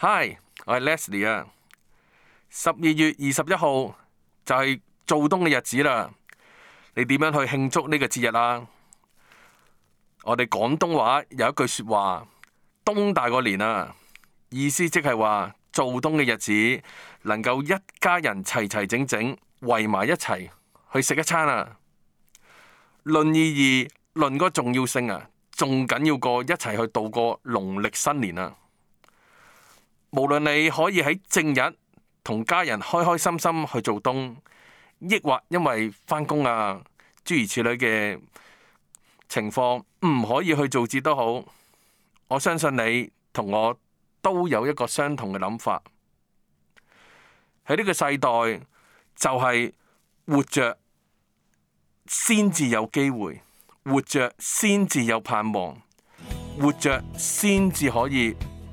Hi，我係 Leslie 啊！十二月二十一號就係做冬嘅日子啦。你點樣去慶祝呢個節日啊？我哋廣東話有一句說話：冬大過年啊，意思即係話做冬嘅日子能夠一家人齊齊整整圍埋一齊去食一餐啊。論意義，論個重要性啊，仲緊要過一齊去度過農曆新年啊！無論你可以喺正日同家人開開心心去做冬，抑或因為返工啊諸如此類嘅情況唔可以去做節都好，我相信你同我都有一個相同嘅諗法。喺呢個世代，就係、是、活著先至有機會，活著先至有盼望，活著先至可以。